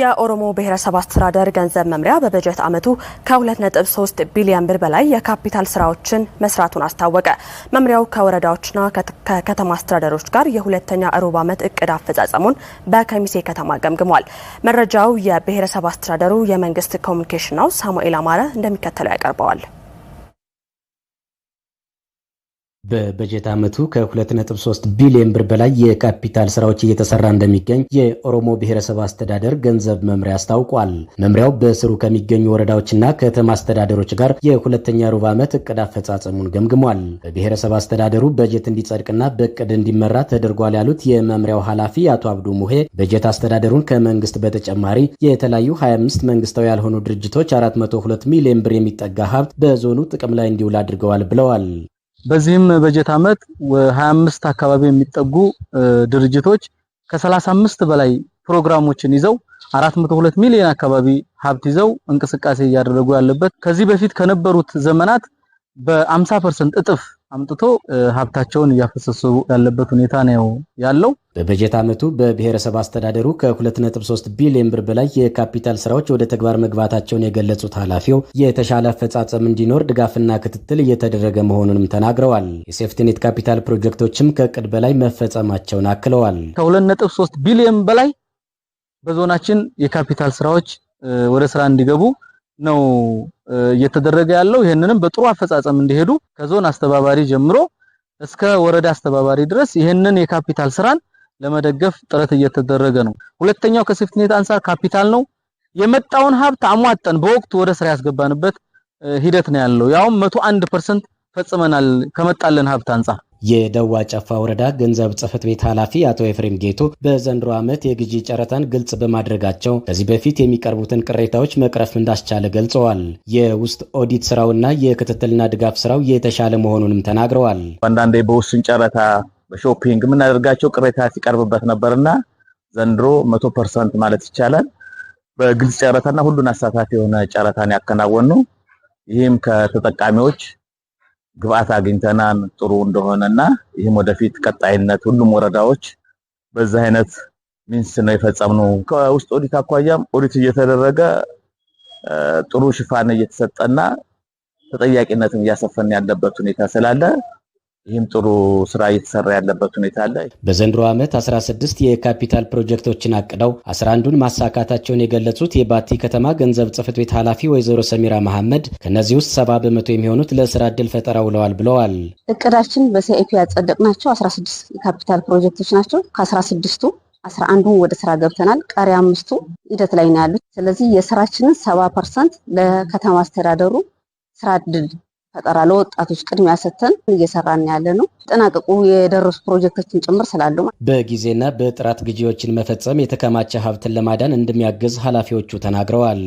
የኦሮሞ ብሔረሰብ አስተዳደር ገንዘብ መምሪያ በበጀት ዓመቱ ከ2.3 ቢሊዮን ብር በላይ የካፒታል ስራዎችን መስራቱን አስታወቀ። መምሪያው ከወረዳዎችና ከከተማ አስተዳደሮች ጋር የሁለተኛ ሩብ ዓመት እቅድ አፈጻጸሙን በከሚሴ ከተማ ገምግሟል። መረጃው የብሔረሰብ አስተዳደሩ የመንግስት ኮሚኒኬሽን ነው። ሳሙኤል አማረ እንደሚከተለው ያቀርበዋል። በበጀት ዓመቱ ከ2.3 ቢሊዮን ብር በላይ የካፒታል ስራዎች እየተሰራ እንደሚገኝ የኦሮሞ ብሔረሰብ አስተዳደር ገንዘብ መምሪያ አስታውቋል። መምሪያው በስሩ ከሚገኙ ወረዳዎችና ከተማ አስተዳደሮች ጋር የሁለተኛ ሩብ ዓመት እቅድ አፈጻጸሙን ገምግሟል። በብሔረሰብ አስተዳደሩ በጀት እንዲጸድቅና በእቅድ እንዲመራ ተደርጓል ያሉት የመምሪያው ኃላፊ አቶ አብዱ ሙሄ በጀት አስተዳደሩን ከመንግስት በተጨማሪ የተለያዩ 25 መንግስታዊ ያልሆኑ ድርጅቶች 402 ሚሊዮን ብር የሚጠጋ ሀብት በዞኑ ጥቅም ላይ እንዲውል አድርገዋል ብለዋል። በዚህም በጀት ዓመት 25 አካባቢ የሚጠጉ ድርጅቶች ከ35 በላይ ፕሮግራሞችን ይዘው 402 ሚሊዮን አካባቢ ሀብት ይዘው እንቅስቃሴ እያደረጉ ያለበት ከዚህ በፊት ከነበሩት ዘመናት በ50% እጥፍ አምጥቶ ሀብታቸውን እያፈሰሱ ያለበት ሁኔታ ነው ያለው። በበጀት ዓመቱ በብሔረሰብ አስተዳደሩ ከ2.3 ቢሊዮን ብር በላይ የካፒታል ስራዎች ወደ ተግባር መግባታቸውን የገለጹት ኃላፊው የተሻለ አፈጻጸም እንዲኖር ድጋፍና ክትትል እየተደረገ መሆኑንም ተናግረዋል። የሴፍቲኔት ካፒታል ፕሮጀክቶችም ከቅድ በላይ መፈጸማቸውን አክለዋል። ከ2.3 ቢሊዮን በላይ በዞናችን የካፒታል ስራዎች ወደ ስራ እንዲገቡ ነው እየተደረገ ያለው ይህንንም በጥሩ አፈጻጸም እንዲሄዱ ከዞን አስተባባሪ ጀምሮ እስከ ወረዳ አስተባባሪ ድረስ ይህንን የካፒታል ስራን ለመደገፍ ጥረት እየተደረገ ነው። ሁለተኛው ከሴፍትኔት አንፃር ካፒታል ነው። የመጣውን ሀብት አሟጠን በወቅቱ ወደ ስራ ያስገባንበት ሂደት ነው ያለው። ያውም 101% ፈጽመናል ከመጣለን ሀብት አንፃር የደዋ ጨፋ ወረዳ ገንዘብ ጽህፈት ቤት ኃላፊ አቶ ኤፍሬም ጌቱ በዘንድሮ ዓመት የግዢ ጨረታን ግልጽ በማድረጋቸው ከዚህ በፊት የሚቀርቡትን ቅሬታዎች መቅረፍ እንዳስቻለ ገልጸዋል። የውስጥ ኦዲት ስራውና የክትትልና ድጋፍ ስራው የተሻለ መሆኑንም ተናግረዋል። አንዳንዴ በውስን ጨረታ በሾፒንግ የምናደርጋቸው ቅሬታ ሲቀርብበት ነበርና ዘንድሮ መቶ ፐርሰንት ማለት ይቻላል በግልጽ ጨረታና ሁሉን አሳታፊ የሆነ ጨረታን ነው። ይህም ከተጠቃሚዎች ግብአት አግኝተናን ጥሩ እንደሆነና ይህም ወደፊት ቀጣይነት ሁሉም ወረዳዎች በዛ አይነት ሚንስ ነው የፈጸምነው። ከውስጥ ኦዲት አኳያም ኦዲት እየተደረገ ጥሩ ሽፋን እየተሰጠና ተጠያቂነትን እያሰፈን ያለበት ሁኔታ ስላለ ይህም ጥሩ ስራ እየተሰራ ያለበት ሁኔታ አለ። በዘንድሮ ዓመት 16 የካፒታል ፕሮጀክቶችን አቅደው 11ዱን ማሳካታቸውን የገለጹት የባቲ ከተማ ገንዘብ ጽሕፈት ቤት ኃላፊ ወይዘሮ ሰሚራ መሐመድ ከእነዚህ ውስጥ ሰባ በመቶ የሚሆኑት ለስራ እድል ፈጠራ ውለዋል ብለዋል። እቅዳችን በሲአይፒ ያጸደቅናቸው 16 የካፒታል ፕሮጀክቶች ናቸው። ከ16ቱ 11 አንዱን ወደ ስራ ገብተናል። ቀሪ አምስቱ ሂደት ላይ ነው ያሉት። ስለዚህ የስራችንን ሰባ ፐርሰንት ለከተማ አስተዳደሩ ስራ እድል ፈጠራ ለወጣቶች ቅድሚያ ሰተን እየሰራን ያለ ነው። ጠናቀቁ የደረሱ ፕሮጀክቶችን ጭምር ስላሉ በጊዜና በጥራት ግዢዎችን መፈጸም የተከማቸ ሀብትን ለማዳን እንደሚያግዝ ኃላፊዎቹ ተናግረዋል።